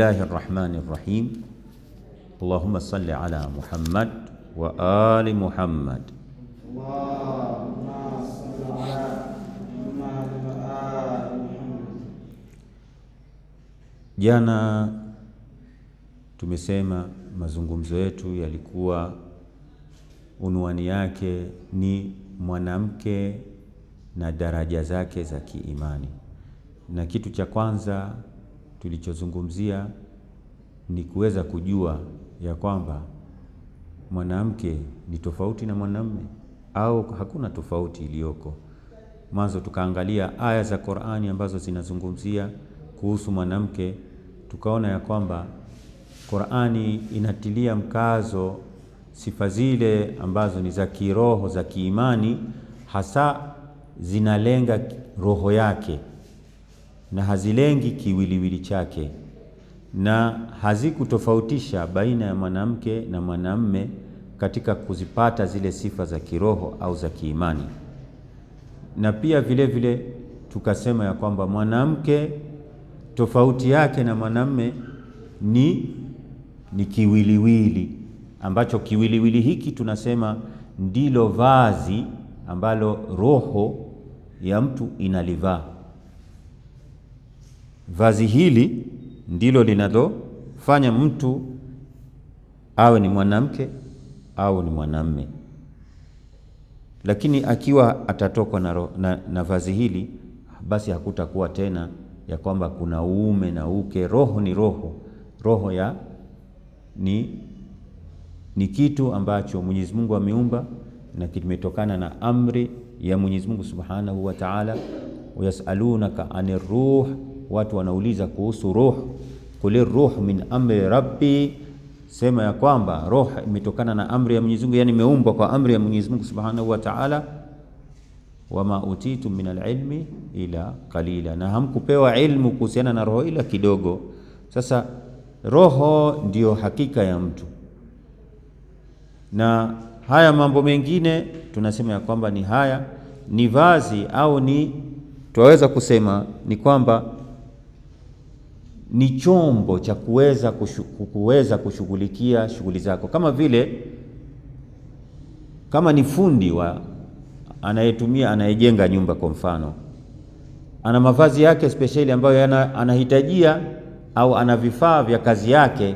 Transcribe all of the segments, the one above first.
Bismillahi rahmani rahim. Allahumma salli ala Muhammad wa ali Muhammad. Jana tumesema mazungumzo yetu yalikuwa unwani yake ni mwanamke na daraja zake za kiimani, na kitu cha kwanza tulichozungumzia ni kuweza kujua ya kwamba mwanamke ni tofauti na mwanamme au hakuna tofauti iliyoko. Mwanzo tukaangalia aya za Qur'ani ambazo zinazungumzia kuhusu mwanamke, tukaona ya kwamba Qur'ani inatilia mkazo sifa zile ambazo ni za kiroho za kiimani, hasa zinalenga roho yake na hazilengi kiwiliwili chake na hazikutofautisha baina ya mwanamke na mwanamme katika kuzipata zile sifa za kiroho au za kiimani. Na pia vile vile tukasema ya kwamba mwanamke tofauti yake na mwanamme ni, ni kiwiliwili ambacho kiwiliwili hiki tunasema ndilo vazi ambalo roho ya mtu inalivaa. Vazi hili ndilo linalofanya mtu awe ni mwanamke au ni mwanamme, lakini akiwa atatokwa na, na, na vazi hili, basi hakutakuwa tena ya kwamba kuna uume na uke. Roho ni roho, roho ya ni, ni kitu ambacho Mwenyezi Mungu ameumba na kimetokana na amri ya Mwenyezi Mungu Subhanahu wa Ta'ala. Yasalunaka anir ruh watu wanauliza kuhusu ruh, kulir ruh min amri rabbi, sema ya kwamba ruh imetokana na amri ya Mwenyezi Mungu, yani imeumbwa kwa amri ya Mwenyezi Mungu Subhanahu wa Ta'ala. Wama utitum min alilmi ila qalila, na hamkupewa ilmu kuhusiana na roho ila kidogo. Sasa roho ndiyo hakika ya mtu, na haya mambo mengine tunasema ya kwamba ni haya ni vazi au ni twaweza kusema ni kwamba ni chombo cha kuweza kuweza kushughulikia shughuli zako, kama vile kama ni fundi wa anayetumia anayejenga nyumba kwa mfano, ana mavazi yake spesheli ambayo yana, anahitajia au ana vifaa vya kazi yake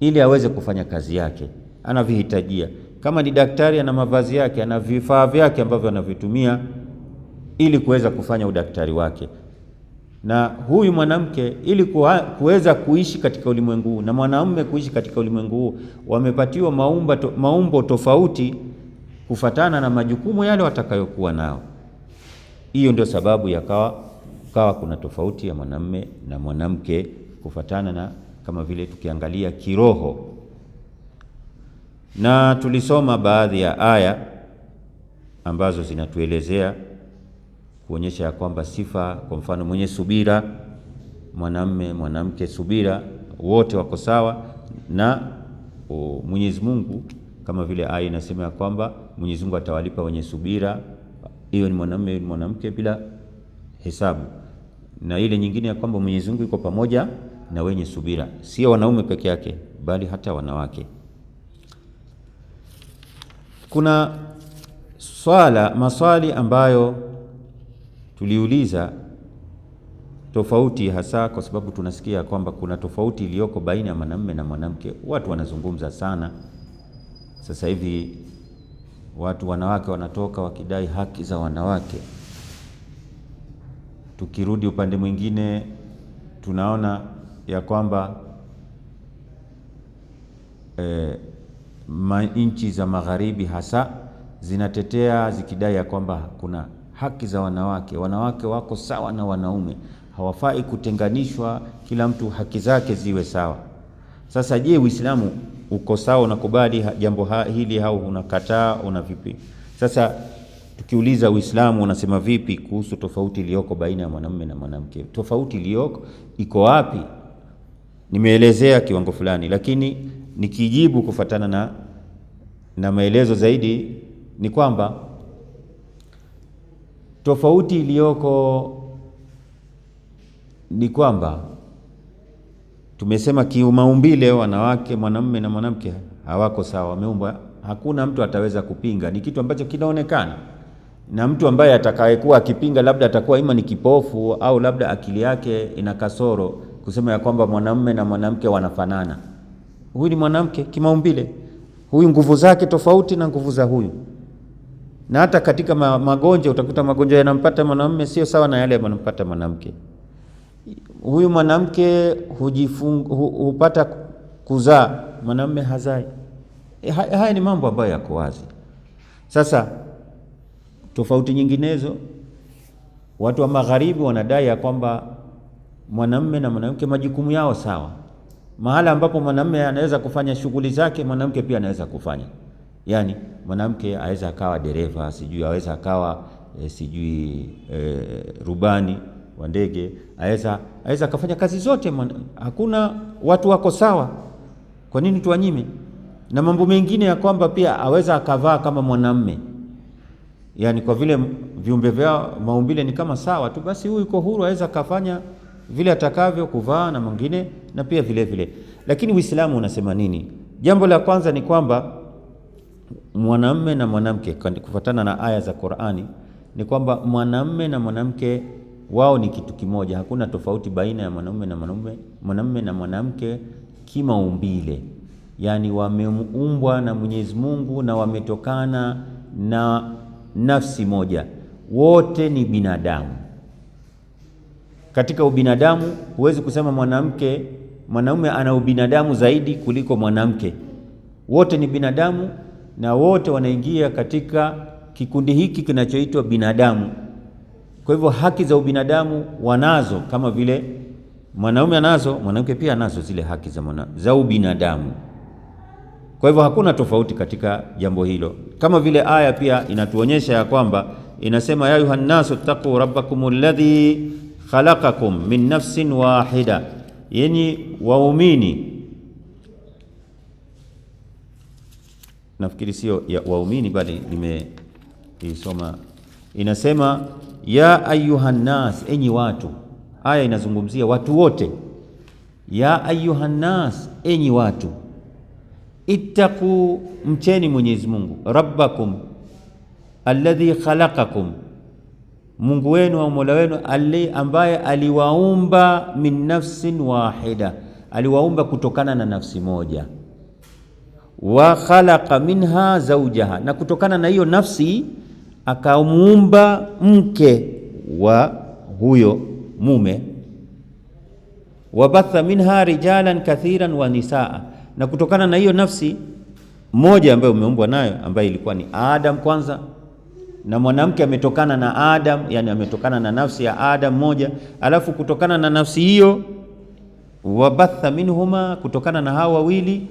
ili aweze kufanya kazi yake anavihitajia. Kama ni daktari, ana mavazi yake, ana vifaa vyake ambavyo anavitumia ili kuweza kufanya udaktari wake na huyu mwanamke ili kuweza kuishi katika ulimwengu huu na mwanamume kuishi katika ulimwengu huu wamepatiwa maumba to, maumbo tofauti kufatana na majukumu yale watakayokuwa nao. Hiyo ndio sababu yakawa kawa kuna tofauti ya mwanamume na mwanamke kufatana na kama vile tukiangalia kiroho, na tulisoma baadhi ya aya ambazo zinatuelezea kuonyesha ya kwamba sifa, kwa mfano mwenye subira, mwanamme, mwanamke, subira, wote wako sawa na Mwenyezi Mungu, kama vile aya inasema ya kwamba Mwenyezi Mungu atawalipa wenye subira, hiyo ni mwanamme, ni mwanamke, bila hesabu, na ile nyingine ya kwamba Mwenyezi Mungu yuko pamoja na wenye subira, sio wanaume peke yake, bali hata wanawake. Kuna swala maswali ambayo Tuliuliza tofauti hasa kwa sababu tunasikia kwamba kuna tofauti iliyoko baina ya mwanamume na mwanamke. Watu wanazungumza sana sasa hivi, watu wanawake wanatoka wakidai haki za wanawake. Tukirudi upande mwingine, tunaona ya kwamba e, nchi za magharibi hasa zinatetea zikidai ya kwamba kuna haki za wanawake. Wanawake wako sawa na wanaume, hawafai kutenganishwa, kila mtu haki zake ziwe sawa. Sasa je, Uislamu uko sawa, unakubali jambo hili au unakataa? Una vipi? Sasa tukiuliza Uislamu unasema vipi kuhusu tofauti iliyoko baina ya mwanamume na mwanamke, tofauti iliyoko iko wapi? Nimeelezea kiwango fulani, lakini nikijibu kufuatana na, na maelezo zaidi ni kwamba Tofauti iliyoko ni kwamba tumesema kiumaumbile wanawake, mwanamume na mwanamke hawako sawa, wameumbwa. Hakuna mtu ataweza kupinga, ni kitu ambacho kinaonekana, na mtu ambaye atakayekuwa akipinga labda atakuwa ima ni kipofu au labda akili yake ina kasoro, kusema ya kwamba mwanamume na mwanamke wanafanana. Huyu ni mwanamke kimaumbile, huyu nguvu zake tofauti na nguvu za huyu na hata katika magonjwa utakuta magonjwa yanampata mwanamume sio sawa na yale yanampata mwanamke. Huyu mwanamke hupata kuzaa, mwanamume hazai. E, haya ni mambo ambayo yako wazi. Sasa tofauti nyinginezo, watu wa magharibi wanadai ya kwamba mwanamume na mwanamke majukumu yao sawa. Mahala ambapo mwanamume anaweza kufanya shughuli zake, mwanamke pia anaweza kufanya Yani mwanamke aweza akawa dereva, sijui aweza akawa e, sijui e, rubani wa ndege, aweza aweza akafanya kazi zote mwana, hakuna watu wako sawa. Kwa nini tuwanyime? Na mambo mengine ya kwamba pia aweza akavaa kama mwanamme yani, kwa vile viumbe vyao maumbile ni kama sawa tu, basi huyu yuko huru, aweza kafanya vile atakavyo kuvaa na mwingine na pia vile vile. Lakini Uislamu unasema nini? Jambo la kwanza ni kwamba mwanamme na mwanamke kufuatana na aya za Qur'ani ni kwamba mwanamme na mwanamke wao ni kitu kimoja. Hakuna tofauti baina ya mwanamme na mwanamume, mwanamme na mwanamke kimaumbile, yaani wameumbwa na Mwenyezi Mungu na wametokana na nafsi moja, wote ni binadamu. Katika ubinadamu huwezi kusema mwanamke mwanaume ana ubinadamu zaidi kuliko mwanamke, wote ni binadamu na wote wanaingia katika kikundi hiki kinachoitwa binadamu. Kwa hivyo haki za ubinadamu wanazo, kama vile mwanaume anazo, mwanamke pia anazo zile haki za, mwana, za ubinadamu. Kwa hivyo hakuna tofauti katika jambo hilo, kama vile aya pia inatuonyesha ya kwamba inasema ya ayuhan nasu rabbakum alladhi khalaqakum min nafsin wahida, yani waumini nafikiri sio ya waumini bali nimeisoma inasema ya ayuhannas, enyi watu. Aya inazungumzia watu wote. Ya ayuhannas, enyi watu, ittaqu, mcheni Mwenyezi Mungu, rabbakum alladhi khalaqakum, Mungu wenu au Mola wenu ali, ambaye aliwaumba min nafsin wahida, aliwaumba kutokana na nafsi moja wa khalaqa minha zaujaha, na kutokana na hiyo nafsi akamuumba mke wa huyo mume. Wabatha minha rijalan kathiran wa nisaa, na kutokana na hiyo nafsi moja ambayo umeumbwa nayo ambayo ilikuwa ni Adam kwanza, na mwanamke ametokana na Adam, yani ametokana na nafsi ya Adam moja, alafu kutokana na nafsi hiyo wabatha minhuma, kutokana na hawa wawili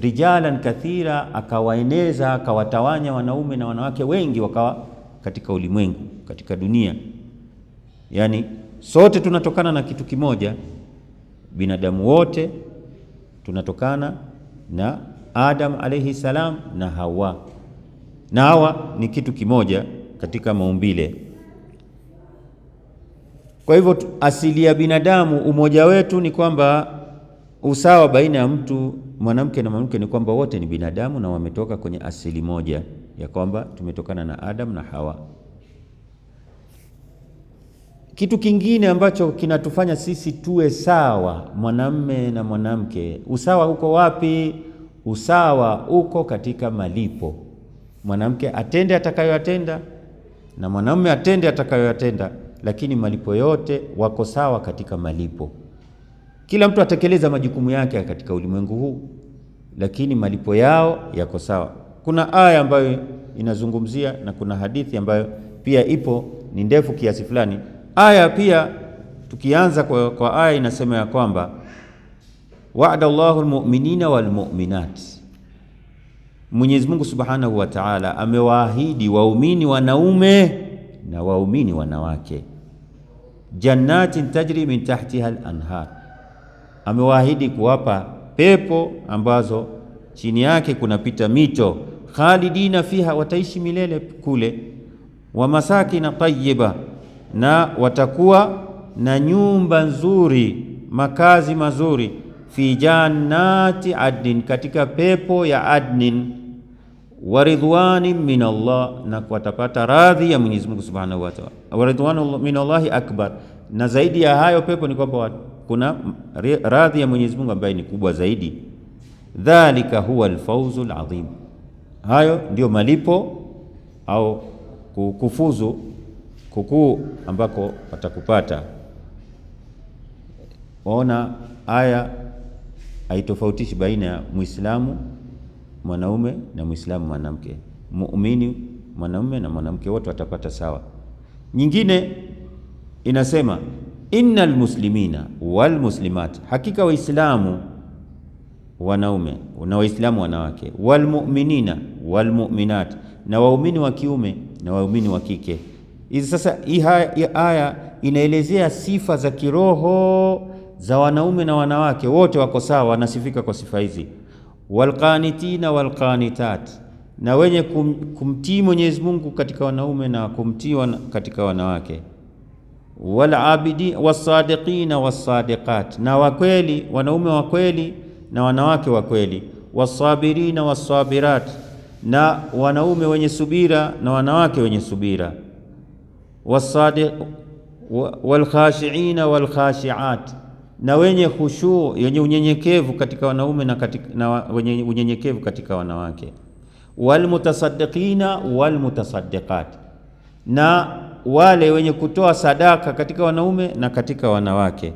rijalan kathira, akawaeneza akawatawanya wanaume na wanawake wengi wakawa katika ulimwengu, katika dunia. Yani sote tunatokana na kitu kimoja, binadamu wote tunatokana na Adam alayhi salam na Hawa, na hawa ni kitu kimoja katika maumbile. Kwa hivyo asili ya binadamu, umoja wetu ni kwamba usawa baina ya mtu mwanamke na mwanamke ni kwamba wote ni binadamu na wametoka kwenye asili moja ya kwamba tumetokana na Adam na Hawa. Kitu kingine ambacho kinatufanya sisi tuwe sawa mwanamme na mwanamke, usawa uko wapi? Usawa uko katika malipo. Mwanamke atende atakayoyatenda na mwanamume atende atakayoyatenda, lakini malipo yote wako sawa katika malipo. Kila mtu atekeleza majukumu yake katika ulimwengu huu, lakini malipo yao yako sawa. Kuna aya ambayo inazungumzia na kuna hadithi ambayo pia ipo, ni ndefu kiasi fulani. Aya pia tukianza kwa, kwa aya inasema ya kwamba wa'ada llahu almu'minina walmu'minat, Mwenyezi Mungu Subhanahu wa Ta'ala amewaahidi waumini wanaume na waumini wanawake, jannatin tajri min tahtiha al-anhar amewaahidi kuwapa pepo ambazo chini yake kunapita mito khalidina fiha, wataishi milele kule, wa masakina tayyiba, na watakuwa na nyumba nzuri, makazi mazuri, fi jannati adnin, katika pepo ya adnin, wa ridwani min Allah, na watapata radhi ya Mwenyezi Mungu subhanahu wa ta'ala, wa ridwani min Allahi akbar na zaidi ya hayo pepo ni kwamba kuna radhi ya Mwenyezi Mungu ambaye ni kubwa zaidi. Dhalika huwa alfauzu aladhim, hayo ndio malipo au kufuzu kukuu ambako watakupata. Waona aya haitofautishi baina ya Muislamu mwanaume na Muislamu mwanamke, muumini mwanaume na mwanamke, wote watapata sawa. nyingine inasema innal muslimina wal muslimat, hakika waislamu wanaume na waislamu wanawake, wal mu'minina wal mu'minat, na waumini wa kiume na waumini wa kike. Hizi sasa, hii aya inaelezea sifa za kiroho za wanaume na wanawake, wote wako sawa, wanasifika kwa sifa hizi. Walqanitina walqanitat, na wenye kum, kumtii Mwenyezi Mungu katika wanaume na kumtii katika wanawake walabidi wasadiqina wasadiqat, na wakweli, wanaume wa kweli na wanawake wa kweli, wasabirina wasabirat, na wanaume wenye subira na wanawake wenye subira, walkhashiina walkhashiat, na wenye khushu, wenye unyenyekevu katika wanaume na, katika, na wenye unyenyekevu katika wanawake, walmutasaddiqina walmutasaddiqat na wale wenye kutoa sadaka katika wanaume na katika wanawake,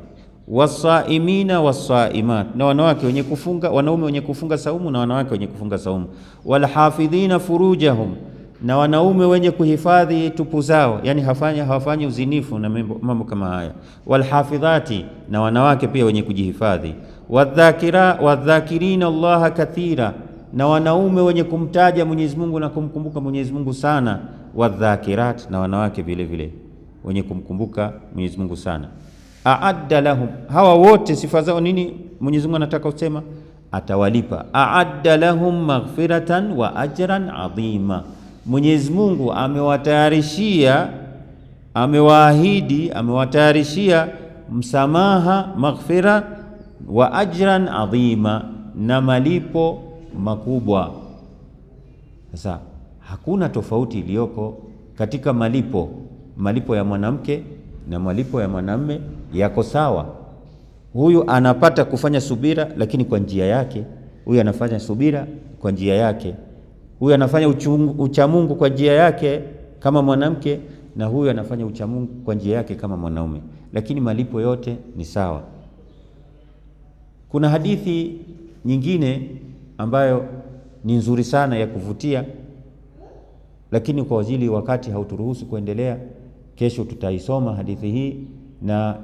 wasaimina wasaimat, na wanawake wenye kufunga, wanaume wenye kufunga saumu na wanawake wenye kufunga saumu, walhafidhina furujahum, na wanaume wenye kuhifadhi tupu zao, yani hawafanyi uzinifu na mambo kama haya, walhafidhati, na wanawake pia wenye kujihifadhi, wadhakirina Allaha kathira, na wanaume wenye kumtaja Mwenyezi Mungu na kumkumbuka Mwenyezi Mungu sana wadhakirat, na wanawake vile vile wenye kumkumbuka Mwenyezi Mungu sana. Aadda lahum, hawa wote sifa zao nini? Mwenyezi Mungu anataka kusema atawalipa. Aadda lahum maghfiratan wa ajran adhima, Mwenyezi Mungu amewatayarishia, amewaahidi, amewatayarishia msamaha, maghfira wa ajran adhima, na malipo makubwa. Sasa hakuna tofauti iliyoko katika malipo. Malipo ya mwanamke na malipo ya mwanamme yako sawa. Huyu anapata kufanya subira, lakini kwa njia yake. Huyu anafanya subira kwa njia yake. Huyu anafanya uchamungu kwa njia yake kama mwanamke, na huyu anafanya uchamungu kwa njia yake kama mwanaume, lakini malipo yote ni sawa. Kuna hadithi nyingine ambayo ni nzuri sana ya kuvutia lakini kwa ajili wakati hauturuhusu kuendelea, kesho tutaisoma hadithi hii. Na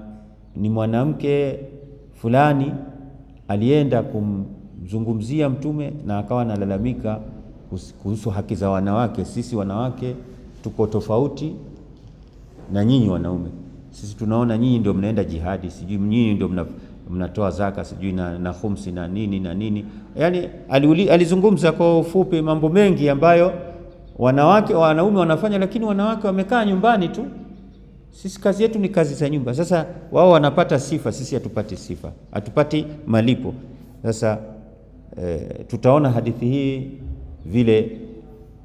ni mwanamke fulani alienda kumzungumzia Mtume na akawa analalamika kuhusu haki za wanawake. Sisi wanawake tuko tofauti na nyinyi wanaume, sisi tunaona nyinyi ndio mnaenda jihadi, sijui nyinyi ndio mna mnatoa zaka sijui na, na khumsi na nini na nini. Yani alizungumza kwa ufupi mambo mengi ambayo wanawake wanaume wanafanya, lakini wanawake wamekaa nyumbani tu. Sisi kazi yetu ni kazi za nyumba. Sasa wao wanapata sifa, sisi hatupati sifa, hatupati malipo. Sasa e, tutaona hadithi hii vile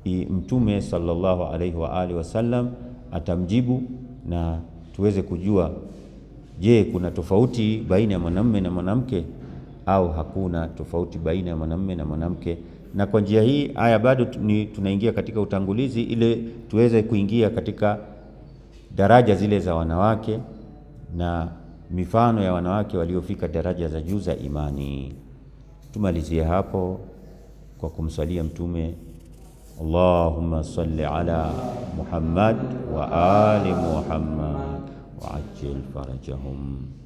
i, Mtume sallallahu alaihi wa alihi wasallam atamjibu na tuweze kujua, je, kuna tofauti baina ya mwanamume na mwanamke au hakuna tofauti baina ya mwanamume na mwanamke? na kwa njia hii aya bado ni tunaingia katika utangulizi ili tuweze kuingia katika daraja zile za wanawake na mifano ya wanawake waliofika daraja za juu za imani. Tumalizie hapo kwa kumsalia Mtume, Allahumma salli ala Muhammad wa ali Muhammad wa ajil farajahum.